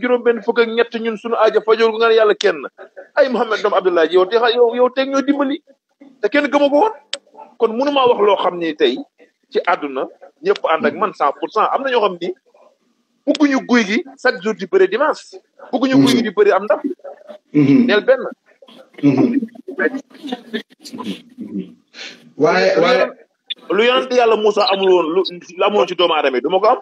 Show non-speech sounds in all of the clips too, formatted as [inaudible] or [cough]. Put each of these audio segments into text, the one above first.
juróom benn fukk ak ñett ñun suñu aaja fajoor gu nga ne yàlla kenn ay Mouhamed doomu Abdoulaye yow te yow yow teg ñoo dimbali te kenn gëma ko woon kon mënumaa wax loo xam ni tey ci àdduna ñëpp ànd ak man cent pour cent am na ñoo xam ni bugguñu guy gi chaque jour di bëri dimanche bugguñu guy gi di bëri am ndam neel benn waaye waaye lu yonent yàlla musa amul woon lu amoon ci doomu aadama yi ko am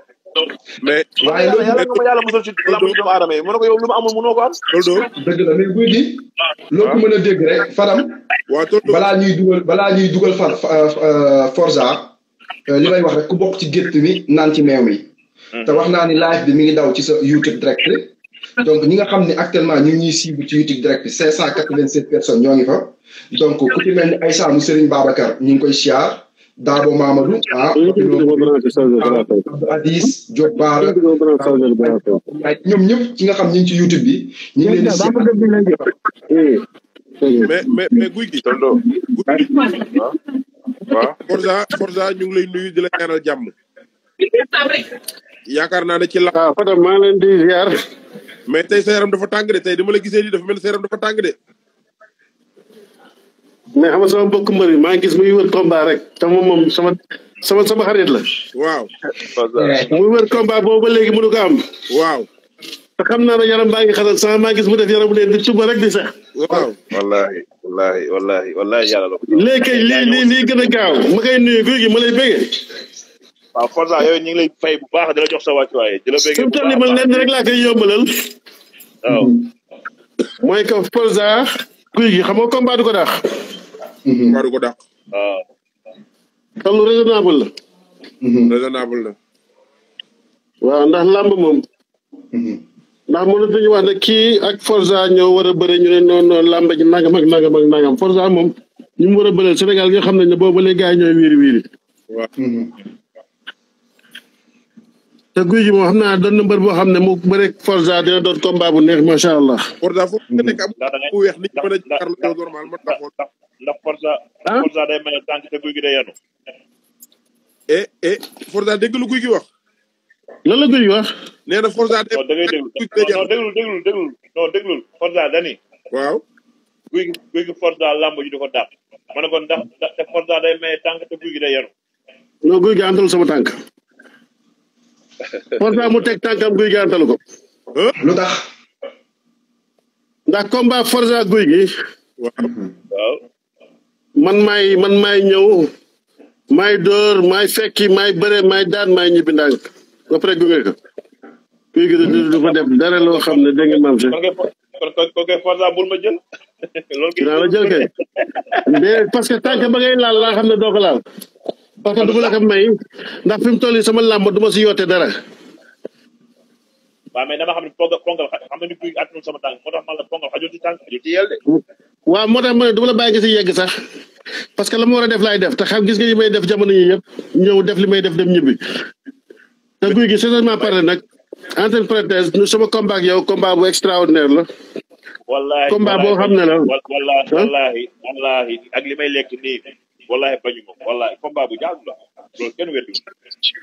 mais waaye loolu yàlla na ko yàlla mosal ci lamb doomu aadama yi mën ko yow lu ma amul mënoo ko am. loolu dëgg la mais guy gi. loo mën a dégg rek Fadam. waaw tonton balaa ñuy dugal balaa ñuy dugal far euh, Forza. Euh, li may wax rek ku bokk ci gétt mi naan ci meew mi. Hmm. te wax naa ni live bi mi ngi daw ci sa YouTube direct. donc ñi nga xam ni actuellement ñu ngi ñuy suivre ci YouTube direct bi cent quatre-vingt-sept personnes ñoo ngi fa. donc ku ci mel ni Aïssa mu Serigne Babacar ñu ngi koy siyaar. Daabo Mamadou ah. Adis Diop Baara ñoom ñëpp ci nga xam ñu ngi ci YouTube bi. ñu ngi leen di mais mais mais guy gi. tonton guy a waaw. Forza ñu ngi lay nuyu di la ñaanal jàmm. yaakaar naa ne ci la. waaw Fadam maa ngi leen di ziar. mais tey sa yaram dafa tàng de tey dama la gisee nii dafa mel sa yaram dafa tàng de. mais xam sama mbokk mbër yi maa ngi gis muy wër combat rek te moom moom sama sama sama xarit la. waaw. muy wër combat boobu ba léegi mënu ko am. waaw. te xam naa ne yaram baa ngi xasal sama maa gis mu def yaram leen di tuba rek di sax. waaw wallaahi wallaahi wallaahi wallaahi yàlla la ko. léegi kay lii gën a gaaw ma koy nuyu guy gi ma lay bëggee. waaw Forza yooyu ñu ngi lay fay bu baax di la jox sa wàccuwaay di la bëggee. fi mu rek laa koy yombalal. waaw. mooy que Forza. guy gi xam nga combat du ko dàq. Mm-hmm. combat du ko dàq. waaw. Ah. te lu raisonnable la. Mm-hmm. raisonnable la. waaw ndax làmb moom. Mm-hmm. ndax wax ne kii ak Forza ñoo war a bëre ñu ne noonu noonu làmb ji nangam ak nangam ak nangam Forza moom ñu mu war a bëreel Sénégal nga xam ne ne boobu ba léegi gars yi ñooy wiiri te guy ji moom xam naa doon na mbër boo xam ne mu bëre Forza dina doon combat bu neex macha allah. Forza foofu nga nekk am ku weex nit mën a jàkkaarloo normal man taxoon. ndax Forza. ah Forza day maye tànk te guy gi day yanu eh eh Forza dégg lu guy gi wax. lan la guy wax. nee na Forza day. non da ngay déglu non déglul déglul déglul non déglul Forza dani. waaw. guy gi guy gi Forza lamb ji di ko dàq. ma ne ko ndax te Forza day maye tànk te guy gi day yanu non guy gi andul sama tànk. pourtant mu teg tànkam guy gi antalu ko. lu ndax combat Forza guy gi. waaw. man maay man may ñëw. maay dóor maay fekki maay bëre maay daan maay ñibbi ndànk ba pare gunge ko. guy gi du fa def dara loo xam ne dégg ngeen maam si. ko ma jël. [laughs] loolu dinaa jël kay. parce que tànk ba ngay laal laa xam ne doo ko laal. parce que du ma la may ndax fi mu toll sama làmb du ma si yoote dara. waaw mais dama xam moo tax ma ne du ma la bàyyi nga si yegg sax parce que la ma war a def laay def te xam gis nga yi may def jamono yi yëpp ñëw def li may def dem ñibbi. te guy gi sincèrement parlé nag entre parenthèses nu sama combat ak yow combat bu extraordinaire la. wallahi boo xam ne la. wallahi li may lekk wallahi bañu ma wallahi combat bu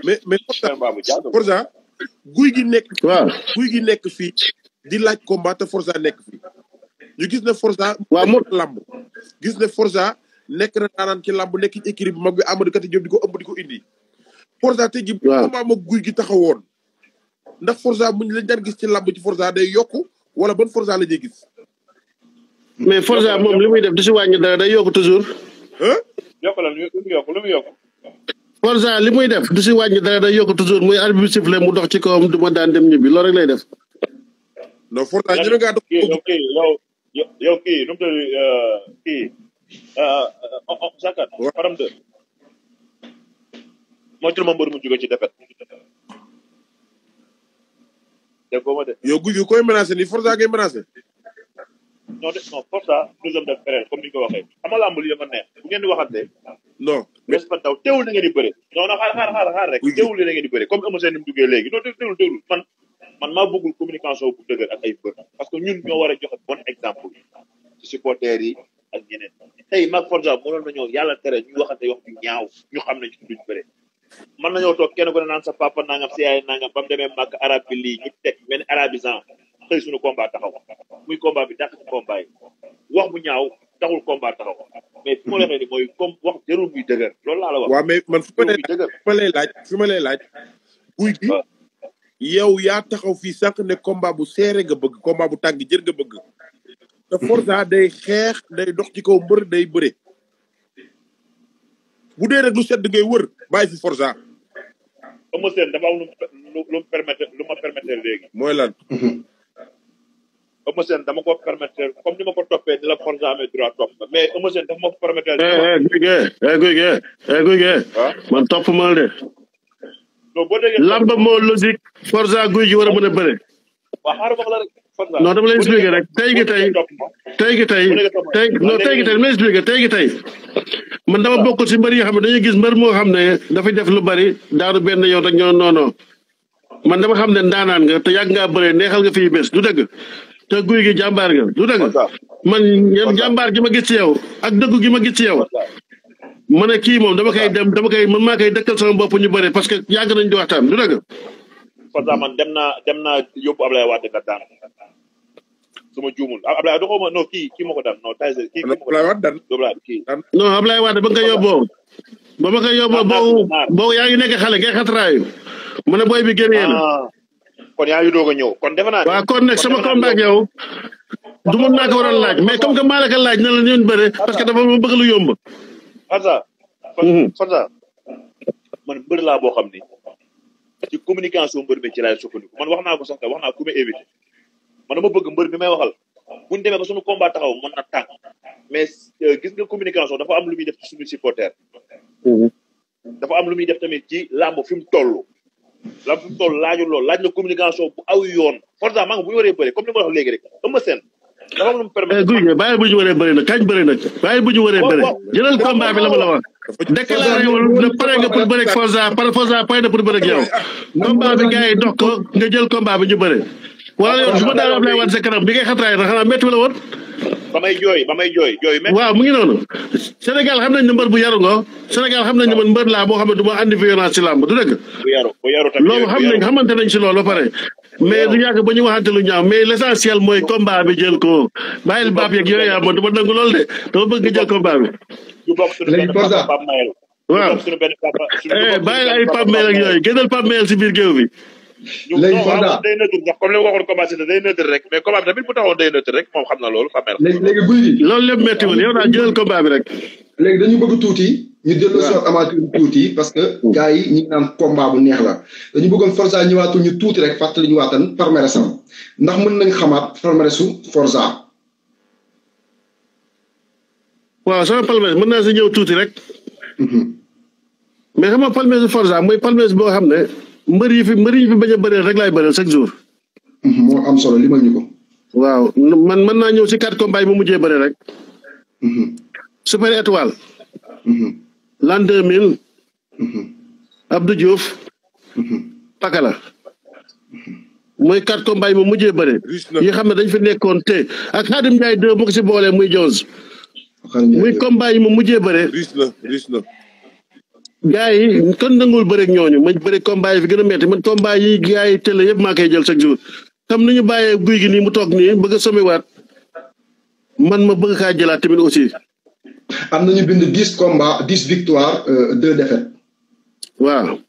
mais mais combat bu jaadu Forza guy gi nekk. waaw guy gi nekk fii di laaj combat te Forza nekk fii ñu gis ne Forza. waaw moo lamb gis ne Forza nekk na daanaan ci lamb nekk ci écurie bu mag bi Amadou Kati Diop di ko ëmb ko indi. Forza tey jii. waaw combat guy gi taxawoon. ndax Forza bu ñu lañ daan gis ci lamb ci Forza day yokk wala ban Forza la gis. mais Forza moom li muy def du si wàññi dara day toujours. yokkulal lu mu yokk lu mu li muy def du si wàññi dara day yokk toujours muy arbitre bi sifflé mu dox ci kawam du daan dem ñibbi loolu rek lay def. non Forza ñu ne gaa doon mu tudd euh, kii euh, oh, oh, Sakar. Faram de moo ci ma mbër mu jóge koy menacé no de non Forza deux hommes de ferel comme ni nga ko waxee ama lamb li dafa neex bu ngeen di waxante non mais daw teewul na ngeen bëre non xaar xaar xaar rek teewul na ngeen bëre comme Eumeu Sène ni mu duggee léegi non teewul teewul man maa bëggul communication bu dëgër ak ay bër parce que ñun ñoo war a joxe bon exemple ci supporters yi ak ñeneen tey mag Forza mënoon nañoo yàlla tere ñu waxante wax ñu ñaaw ñu xam ne ci duñ bëre mën nañoo toog kenn ko ne naan sa papa ba mu demee muy combat bi dàq ci combat yi wax bu ñaaw taxul muy dëgër loolu laa la wax. waaw mais man fi ma lay laaj fi ma lay laaj guy gi yow yaa taxaw fii sànq ne combat bu seere nga bëgg combat bu tàng jër nga bëgg. te Forza day xeex day dox ci kaw mbër day bëre. bu dee rek lu sedd ngay wër bàyyi fi Forza. mooy lan. Mhm. Eumeu dama ko permettre comme ni ma ko toppee ni la Forza amee droit top mais Eumeu dama ko permettre. eh eh guigé eh guigé eh guigé man top mal de. non boo déggee lamba moo logique. Forza guigé wara war béré wa xaru bëre. la rek. non dama lay expliquer rek tay gi tay tay gi tay tey non tay gi tay mais lay expliquer tay gi tay man dama bokk ci mbër yi xamne dañuy gis mbër mo xamne da fay def lu bari daaru ben yow tak ñoo non non man dama xamne ne nga te yag nga bëree neexal nga fi bes du deug te guy gi jàmbaar nga du dëgg man ñoom jàmbaar gi ma gis ci yow ak dëgg gi ma gis ci yow ne kii moom dama koy dem dama koy man maa koy dëkkal sama bopp ñu bari parce que yàgg nañ di waxtaan du dëgg. Forza man dem naa dem naa yóbbu Ablaye Wade ah, ma ko ko ba nga yóbboo ba ma koy yóbboo boobu boobu yaa ngi nekk xale ngay xatraayu ma ne booy bi génnee kon yaa ngi doog a ñëw kon defe naa. waaw kon nag sama combat ak yow du moom naa ko waroon laaj mais comme que maa la ko laaj na la ñu bëre parce que dafa bëgg lu yomb. Forza. Mhm. Forza laa boo xam ni ci communication mbër ci laay sukkandiku wax naa ko sax wax naa ku ma éviter man bëgg mbër bi may waxal. bu ñu demee ba suñu taxaw mën na tàng mais euh, gis nga communication dafa am lu muy def ci suñu supporter. Mhm. dafa am lu muy def tamit ci làmb fi mu toll. la fi laaj na communication bu aw yoon Forza bu ñu waree bëri comme ni ma la wax rek Eumeu Sène eh, guy nga bàyyi waree bëri nag kañ bëri nag bàyyi bu waree bëri jëlal combat bi la ma la wax. déclaré woon na pare nga pour bëri ak Forza par Forza pare na pour bëri ak yow. combat bi gars yi dox ko nga jël combat bi ñu bëri. wala yow su ma daal Ablaye Wade sa bi ngay xatraay na xanaa métti la woon. ba may jooy ba may jooy jooy mu ngi noonu Sénégal xam nañ ne mbër bu yaru nga Sénégal xam na ne man mbër boo xam ne du ma andi violence ci làmb du dëgg. bu xam nañ xamante nañ si loolu ba pare. mais du yàgg ba ñu waxante lu ñaaw mais l' essentiel mooy combat bi jël ko bàyyil baab yeeg yooyu yaa ma du ma nangu lool de dama bëgg nga jël combat bi. léegi Forza waaw eh, bàyyil ay Pape Mayel ak yooyu gënal Pape si biir géew bi. léegi Kolda day neutre ndax na day neutre rek mais moom lépp métti woon yow daal jëlal combat bi léegi dañu bëgg tuuti. ñu dellu si amateur tuuti parce que. Hmm. gars yi ñu ngi naan combat bu neex la. dañu bëggoon Forza ñëwaatul ñu tuuti rek fàttali ñu waatan palmarèsam ndax mën nañ xamaat palmarèsu Forza. waaw sama palmarès mën naa si ñëw tuuti rek. Hmm. mais sama palmarèsu Forza mooy palmarès boo xam ne. mbër yi fi mbër yi fi bañ a bëreel rek laay bëreel chaque jour. Mhm, moo am solo waaw man mën naa ñëw si quatre combats yi mu mujjee bëri rek. Mhm. super étoile. Mhm. l'an deux mille. Abdou Diouf. Pakala. mooy quatre combats yi mu mujjee bëri. yi xam ne dañ fi nekkoon te ak Xaadim Njaay deux mu si boolee muy Jones. muy combat yi mu mujjee bëri. gars yi kan nanguwul bëreeg ñooñu man bëreeg combat yi fi gën a metti man combat yi gars yi télé yëpp maa koy jël chaque jour tam nañu bàyyee guy gi nii mu toog nii bëgg a somewaat man ma bëgg kaa jëlaat tamit aussi. am nañu bind dix combats dix victoires euh, deux défaites. waaw.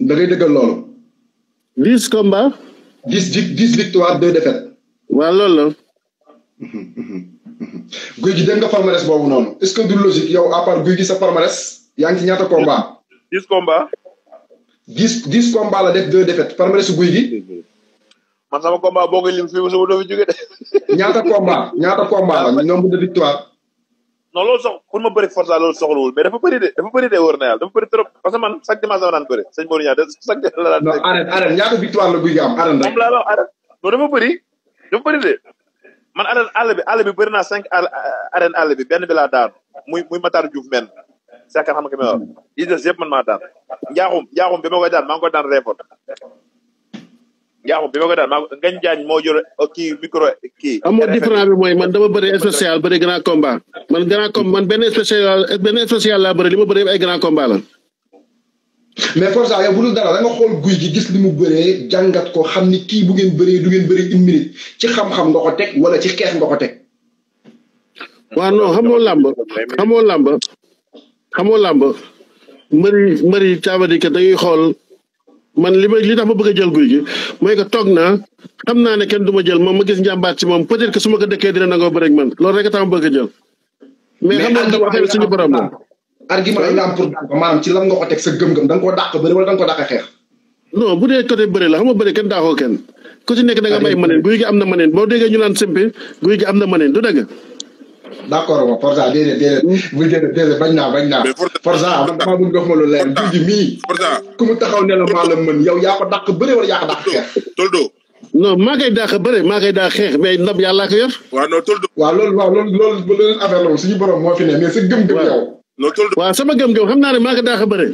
da ngay dëggal loolu. la. guy gi dégg nga boobu noonu est-ce que du logique yow à guy gi sa palmarès. yaa ngi ci ñaata combat. 10 combat. 10 10 combat la def deux défaites su guy gi. man sama combat boo koy lim nyata sama suba doo fi jóge de. ñaata combat ñaata combat la nombre de victoire. non loolu sox pour ma bëri force loolu soxlawul mais dafa bëri de dafa bëri de wër na yàlla dafa bëri trop parce que man chaque dimanche dama naan bëri sëñ Mor Niang chaque dimanche la daan non arène arène ñaata victoire la guy gi am arène rek. moom laa la non dafa bëri dafa bëri de man arène àll bi àll bi bëri naa cinq arène àll bi benn bi laa daan muy muy Matar Diouf men Sakkan xam nga ki ma wax business hmm. yëpp man maa daan njaaxum njaaxum maa ngi koy maa ngañ jaañ oh, mooy man dama bëri spécial bëri grand combat man grand combat man benn spécial benn spécial laa bëri grand combat mais Forza yow bu dul dara da xool guy gi gis li mu bëree jàngat ko xam ni kii bu ngeen bëree du ngeen ci xam-xam nga wala ci xeex nga ko teg. xamoo làmb xamoo làmb xamoo làmb mbëri mbëri caabadi kat dañuy xool man li ma li tax ma bëgg a jël guy gi mooy que toog naa xam naa ne kenn duma jël moom ma gis njàmbaat ci moom peut-être que su ma ko dëkkee dina nangoo bëri man loolu rek tax ma bëgg a jël. mais xam naa ne waxee suñu borom moom. argument yi nga am pour ci lan nga ko teg sa gëm-gëm da nga koo dàq bëri wala da nga ko dàq xeex. non bu dee côté bëri la xam nga bëri kenn daaxoo kenn ku ci nekk da nga may maneen guy gi am na maneen boo déggee ñu naan simpi guy gi am na maneen du d' accord ma Forza déedéet déedéet. bu déedéet déedéet bañ naa bañ naa. Forza man damaa bëgg nga wax ma lu leer. Forza ji mii. Forza ku mu taxaw ne la maa la mën yow yaa ko dàq bëre wala yaa ko dàq xeex. Toldo. non maa koy dàq bëre maa koy dàq xeex mais ndam yàllaa ko yor. waaw non Toldo. waaw loolu waaw loolu loolu loolu affaire loolu suñu borom moo fi ne mais sa gëm-gëm yow. non Toldo waaw sama gëm-gëm xam naa ne maa ko dàq bëre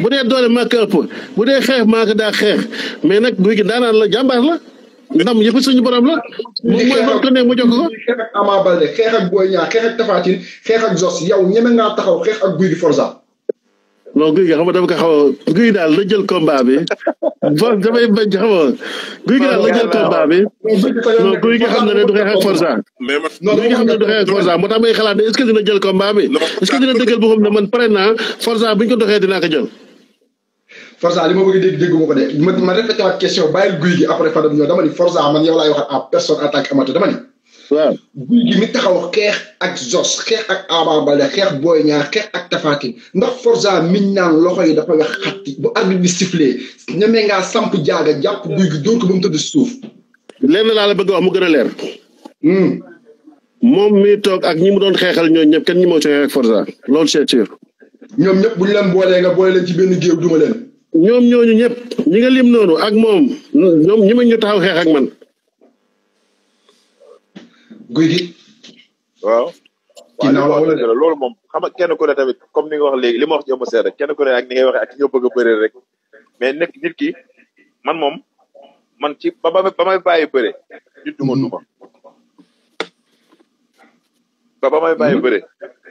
bu dee doole maa ko ëpp bu dee xeex maa ko dàq xeex mais nag guy gi daanaan la jàmbaar la ndam yëpp suñu borom la. moom mooy boo ko nee mu jox ko. xeex ak Ama Baldé xeex ak Boy yow ñeme ngaa taxaw xeex ak guy di Forza. non guy gi xam nga dafa ko xaw a guy daal la jël combat bi guy gi daal la bi non guy gi xam na ne du xeex ak Forza. guy gi xam na ne xalaat ne est-ce que jël combat bi. est-ce que dina dëggal boo xam man pare naa Forza bu ñu ko doxee dinaa ko jël. Forza li ma bëgg dégg dégguma ko de ma ma répété waat question bàyyil guy gi après Fadam ñëw dama ni Forza man yow laay waxaat en personne en tant qu'amateur dama ni. waaw guy gi mi taxaw xeex ak Zos xeex ak Ama Baldé xeex Boy Niang xeex ak Tapha Tine ndax Forza miñ naan loxo yi dafa nga xatti bu arbitre bi sifflé ñemee ngaa samp jaaga jàpp guy gi dóor ko ba mu tëdd suuf. lenn laa la bëgg wax mu gën a leer. Hmm. moom mi toog ak ñi mu doon xeexal ñooñu ñëpp kenn ñi moo ci xeex ak Forza loolu c'est sûr. ñoom ñëpp bu ñu leen boolee nga boole leen ci benn géew duma leen. ñoom ñooñu ñëpp ñi nga lim noonu ak moom ñoom ñi ma ñu taxaw xeex ak man. guy gi. waaw. ginnaaw la wala dara loolu moom xam kenn ku ne tamit comme ni nga wax léegi li ma wax ci Eumeu Sène rek kenn ku ne ak ni ngay waxee ak ñoo bëgg a bëre rek mais nekk nit ki man moom man ci ba ba may bàyyi bëre nit duma duma. ba ba may bàyyi hmm? bëre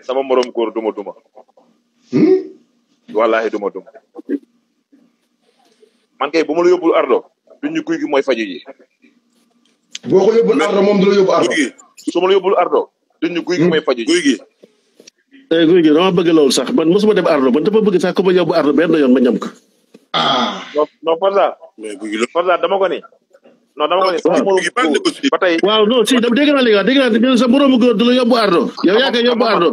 sama morom góor duma duma. Hmm? wallaahi duma duma. man kay buma la yobul ardo duñu kuy gi moy faju ji boo ko yóbbul ardo mom dula yobul ardo suma la yobul ardo duñu kuy gi moy faju ji guy gi eh guy gi dama bëgg lool sax man musuma dem ardo man dafa bëgg sax ko ba yobul ardo ben yoon ma ñam ko ah non farda farda dama ko ni No, dama ko ni sama morom ba tey waaw no si dama dégg na li nga dégg naa sa moromu góor dula yobul ardo yow yaa koy yóbbu ardo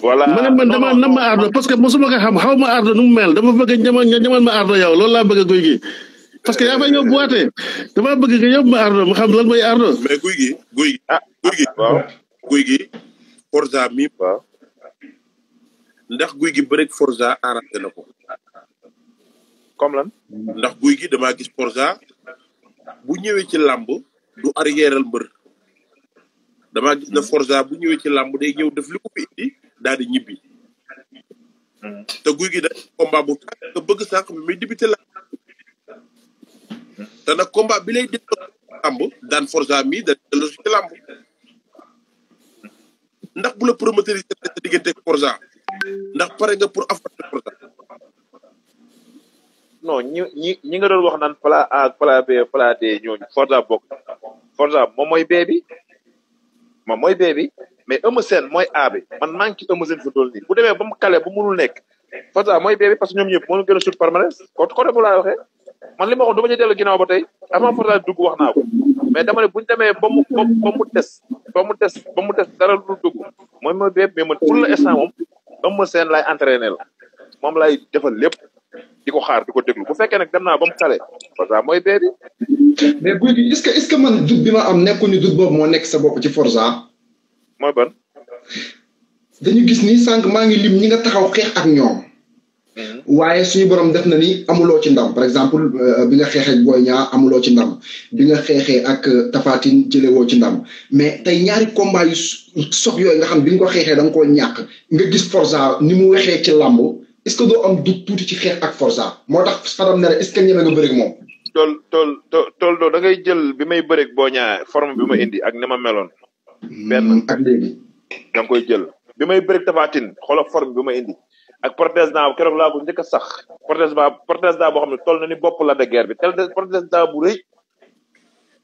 voilà ma ne man damaa nam ma ardo parce que mosuma ko xam xaw ma ardo nu mu mel dama bëgg ñamal nga ñamal ma ardo yow loolu laa bëgg guy gi parce que yaa fay ñëw boite dama bëgg nga yóbbu ma ardo mu xam lan mooy ardo mais guy gi guy gi ah guy gi waaw ah, ah. guy gi Forza mi waaw ndax guy gi bëreeg Forza arrangé na ko comme lan ndax guy gi damaa gis Forza bu ñëwee ci làmb du arrièreal mbër damaa gis na Forza bu ñëwee ci làmb day ñëw def li ko daal di ñibbi. Hmm. te guy gi da combat bu tàgg nga bëgg bi muy débuté la. te mi da delloo ci ndax bu la promoteur yi sa diggante forza pour affronter forza. non ñi ñi ñi nga doon wax naan plan A ak plan B plan D forza moom mooy B moom mooy B mais Eumeu Sène mooy A bi man maa ngi ci Eumeu dool nii bu demee ba mu kale bu munul nekk Forza mooy B bi parce que ñoom ñëpp moo a sut palmarès kon côté bu wax naa ko dama demee ba mu ba mu des ba mu des ba mu des dara lu dugg mooy mooy B mais man pour l'instant moom Eumeu Sène laay entraîné la moom laay defal lépp di ko xaar di ko déglu bu fekkee nag dem naa ba mu kale Forza mooy B bi. mais guy gi est que est que man am nekkuñu doute boobu moo nekk sa bopp ci Forza. mooy ban. dañu gis ni sànq maa ngi lim ñi nga taxaw xeex ak ñoom. waaye suñu borom def na ni amuloo ci ndam par exemple bi nga xeexee ak Boy amuloo ci ndam bi nga xeexee ak Tapha Tine jëlewoo ci ndam mais tey ñaari combat yu sox yooyu nga xam bi nga ko xeexee da nga koo ñàkk nga gis Forza ni mu waxee ci làmb est-ce que doo am du tuuti ci xeex ak Forza moo tax Fadam ne est-ce que ñeme nga bëreeg moom. tool tool tool doo da ngay jël bi may bëreeg Boy Niang bi ma indi ak ni ma meloon. benn mm, ak léegi da nga koy jël bi may bëri tafatin xoolal forme bi ma indi ak prothèse dent keroog laa ko njëkk a sax prothèse dent boo xam ne toll na ni bopp la de bi tel prothèse dent bu rëy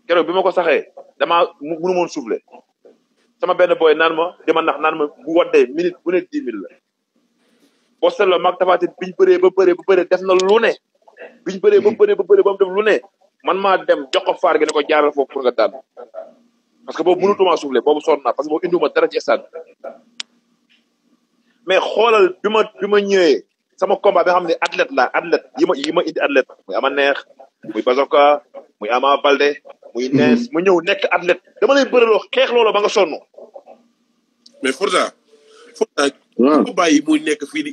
keroog bi ma ko saxee damaa mënu moon souffler sama benn booy naan ma dima nax naan ma bu waddee minute bu ne dix mille la boo seetloo maag tafatin biñ bëree ba bëree ba bëree def na lu ne biñ bëree ba bëree ba bëree ba mu def lu ne man maa dem jox ko faar gi ne ko jaaral foofu pour nga parce que boobu mënutuma soufflé boobu sonn parce que boobu indiwuma dara ci stade mais xoolal bi ma bi ma ñëwee sama combat bi xam ne athlète la athlète yi ma yi ma indi athlète muy ama neex muy bazoka muy ama balde muy nees mu ñëw nekk athlète dama lay bëraloo xeex loolu ba nga sonn mais pourtant pourtant ko bàyyi muy nekk fii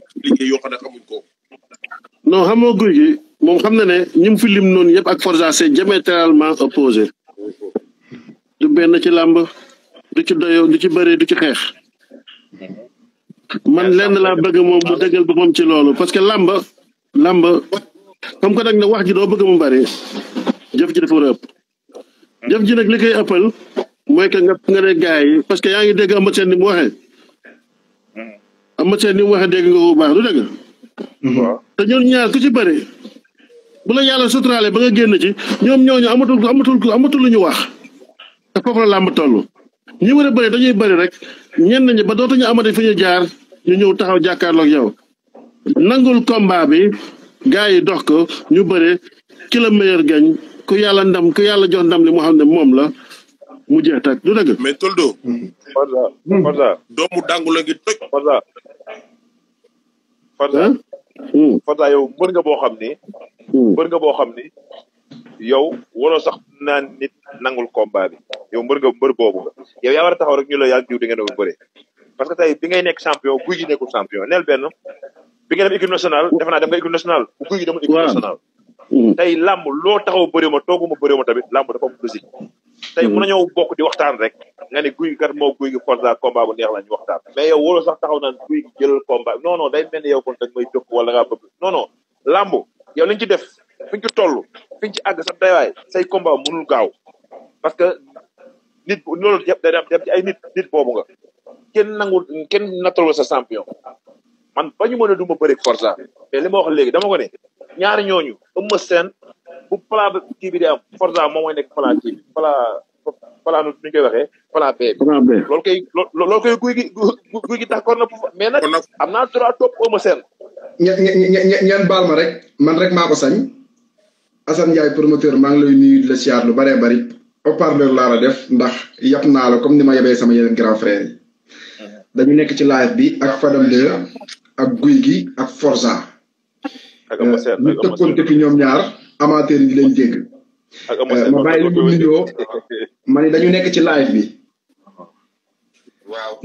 xam guy moom xam na ne ñi mu fi lim noonu yëpp ak Forza c'est diamétralement opposé du benn ci làmb du ci doyoo du ci bëree du ci xeex man lenn laa bëgg moom mu dëggal moom ci loolu parce que làmb làmb comme que nag ne wax ji doo bëgg mu bëri jëf ji nag li koy ëppal mooy que nga nga ne gars yi parce que yaa ngi dégg Eumeu Sène ni mu waxee Eumeu Sène dégg nga ko bu dëgg te ñoom ci bëri yàlla suturaale ba génn ci ñoom ñooñu amatul amatul amatul lu ñu wax te foofu la làmb toll. ñi war a dañuy bëri rek ñenn ñi ba dootuñu amati fi jaar ñu ñëw taxaw jàkkaarloog yow nangul combat bi gars yi dox ko ñu bëri ki la gañ ku yàlla ndam ku yàlla jox ndam li mu xam ne moom la mu jeex tak du dëgg. mais Toldo. Forza Forza. doomu dàngu la ngi toj. Forza. Forza. Hmm. Forza yow mbër nga boo xam ni. Hmm. mbër nga boo xam ni yow waroo sax. naan nit nangul combat bi yow mbeur nga mbeur bobu yow ya wara taxaw rek ñu la yaa diw di nga do beure parce que tay bi ngay nek champion guuy gi nekul champion nel ben bi nga dem équipe nationale defana dem nga équipe nationale guuy guy gi demul équipe nationale tay lamb lo taxaw beure ma togu tooguma beure ma tamit lamb dafa am logique tay mu hmm. nañu bokk di waxtaan rek nga ni guuy gi kat moo guy gi forza combat bu neex la waxtaan mais yow wolo sax taxaw na guuy gi jël combat non non day melni yow kon dag may jóg wala nga bëgg non non lamb yow liñ ci def fi ñu ci toll fi ñu ci àgg sa dayaay say combat mënul gaaw parce que nit loolu yëpp day dem ci ay nit boobu nga kenn nangul kenn nattaloo sa champion man ba ñu mën a du ma bëri Forza mais li ma wax léegi dama ko ne ñaari ñooñu Eumeu Sène bu plat kii bi di am Forza moom mooy nekk plat kii bi nu ñu koy waxee plat B loolu koy loolu koy guy gi guy gi d'accord na mais nag am naa droit topp Eumeu Seen ñe- baal ma rek man sañ Assane Ndiaye promoteur maa ngi lay nuyu di la siyaar lu baree bari au parleur laa la def ndax yab naa la comme ni ma yabee sama yeneen grand frère yi uh-huh. dañu nekk ci live bi ak Fadam 2 ak Guy gi ak Forza euh, ñu tëkkoonte fi ñoom ñaar amateurs yi di leen dégg euh, ma bàyyi leen ñu nuyoo [laughs] ma ni dañu nekk ci live bi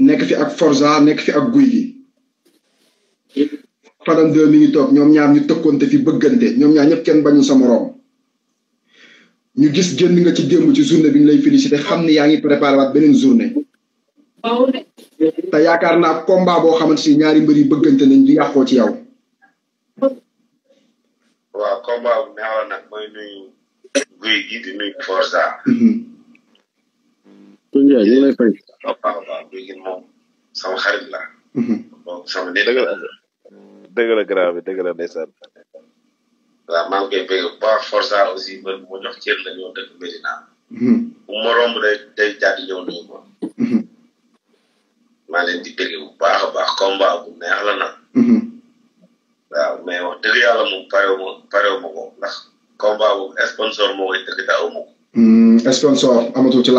nekk fi ak Forza nekk fi ak Guy gi Fadam 2 mi ngi toog ñoom ñaar ñu tëkkoonte fi bëggante ñoom ñaar ñëpp kenn bañu sa moroom ñu gis génn nga ci démb ci journée bi ñu lay félicité xam ne yaa ngi préparé waat beneen journée. te yaakaar naa combat boo xamante si ñaari mbër yi bëggante nañ di yàqoo ci yow. waaw combat bu neexoon nag mooy dëgg la grand bi dëgg la ndeysaan. waaw maa ngi koy baax Forza aussi man mu jox cër la ñoo dëkk Medina. Mhm. bu ma romb day day jàdd ñëw nañu ko. Mhm. maa leen di bëgg bu baax a baax combat bu neex la nag. Mhm. waaw mais wax dëgg yàlla moom pare wu pare wu ma ndax combat boobu sponsor moo koy dëgg daawuma ko. sponsor amatul ci la.